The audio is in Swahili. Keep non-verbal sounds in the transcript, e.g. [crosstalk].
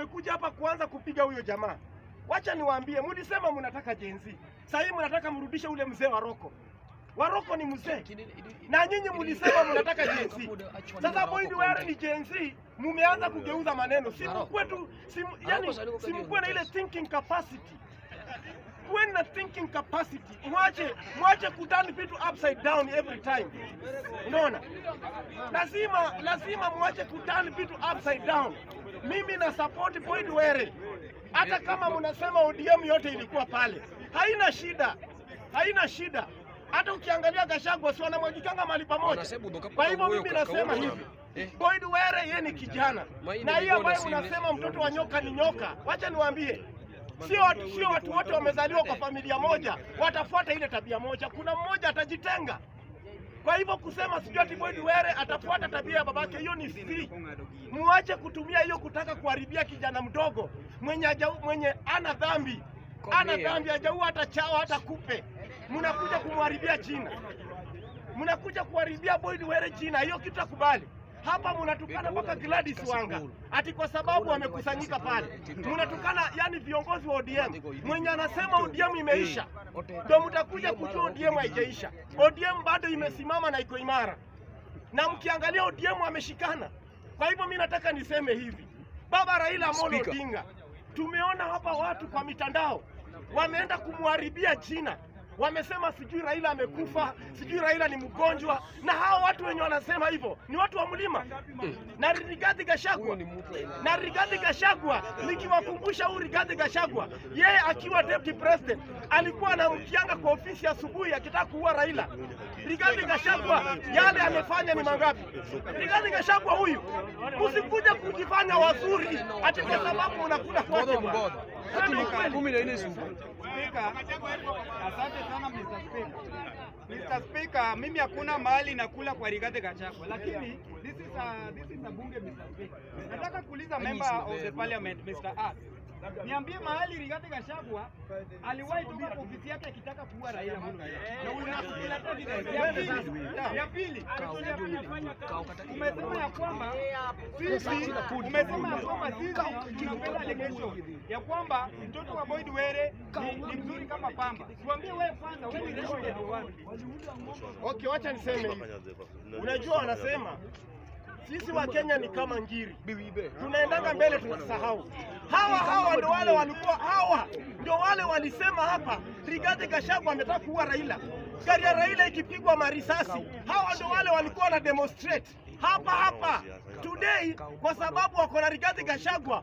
mmekuja hapa kuanza kupiga huyo jamaa. Wacha niwaambie, mlisema mnataka jenzi, sasa hivi mnataka mrudishe ule mzee wa roko. Waroko ni mzee na nyinyi mlisema [coughs] mnataka jenzi. Sasa Boyd Were ni jenzi, mmeanza kugeuza maneno. Si kwetu, si yani, si mkuwe na ile thinking capacity kuweni na thinking capacity, mwache mwache kutani vitu upside down every time. Unaona, lazima lazima mwache kutani vitu upside down mimi na support point Were. Hata kama mnasema ODM yote ilikuwa pale, haina shida, haina shida. Hata ukiangalia Gachagua si wanamwagikanga mahali pamoja. Kwa hivyo mimi nasema hivi Eh, Boyd Were yeye ni kijana na hiyo ambaye mnasema mtoto wa nyoka ni nyoka, wacha niwaambie, sio sio watu wote wamezaliwa kwa familia moja watafuata ile tabia moja. Kuna mmoja atajitenga. Kwa hivyo kusema sijui ati Moi Were atafuata tabia ya babake, hiyo ni siri. Muache kutumia hiyo kutaka kuharibia kijana mdogo mwenye, ajau, mwenye ana dhambi ana dhambi, hajaua hata chao hata kupe. Mnakuja kumharibia jina, mnakuja kuharibia Boyd Were jina, hiyo kitu takubali hapa mnatukana mpaka Gladys Wanga ati kwa sababu amekusanyika pale, mnatukana yani viongozi wa ODM. Mwenye anasema ODM imeisha eh, ndio mtakuja kujua ODM haijaisha. ODM bado imesimama na iko imara, na mkiangalia ODM ameshikana. Kwa hivyo mi nataka niseme hivi, baba Raila Amolo Odinga, tumeona hapa watu kwa mitandao wameenda kumharibia jina. Wamesema sijui Raila amekufa, sijui Raila ni mgonjwa. Na hao watu wenye wanasema hivyo ni watu wa mlima na Rigathi Gachagua na Rigathi Gachagua, nikiwakumbusha huyu Rigathi Gachagua, yeye akiwa deputy president alikuwa anamkianga kwa ofisi asubuhi akitaka kuua Raila. Rigathi Gachagua yale amefanya ni mangapi? Rigathi Gachagua huyu, usikuje kujifanya wazuri ati kwa sababu unakula kwake bwana kumi na nne Spika, asante sana Mr. Speaker. Mr. Speaker, mimi hakuna mahali nakula kwa Rigathi Gachagua, lakini this is a, this is a bunge Mr. Speaker. Nataka kuuliza member of the parliament Mr. Art. Niambie mahali Rigathi Gachagua aliwahi toka kwa ofisi yake akitaka kuua Raila Amolo Odinga ya pili umesema ya kwamba ya kwamba mtoto wa Boyd Were ni mzuri kama pamba. Tuambie wewe kwanza, wewe ni Okay, wacha niseme Unajua wanasema sisi wa Kenya ni kama ngiri, tunaendanga mbele tunasahau. Hawa hawa ndio wale walikuwa, hawa ndio wale walisema hapa Rigathi Gachagua ametaka kuua Raila. Gari ya Raila ikipigwa marisasi, hawa ndio wale walikuwa na demonstrate hapa hapa today, kwa sababu wako na Rigathi Gachagua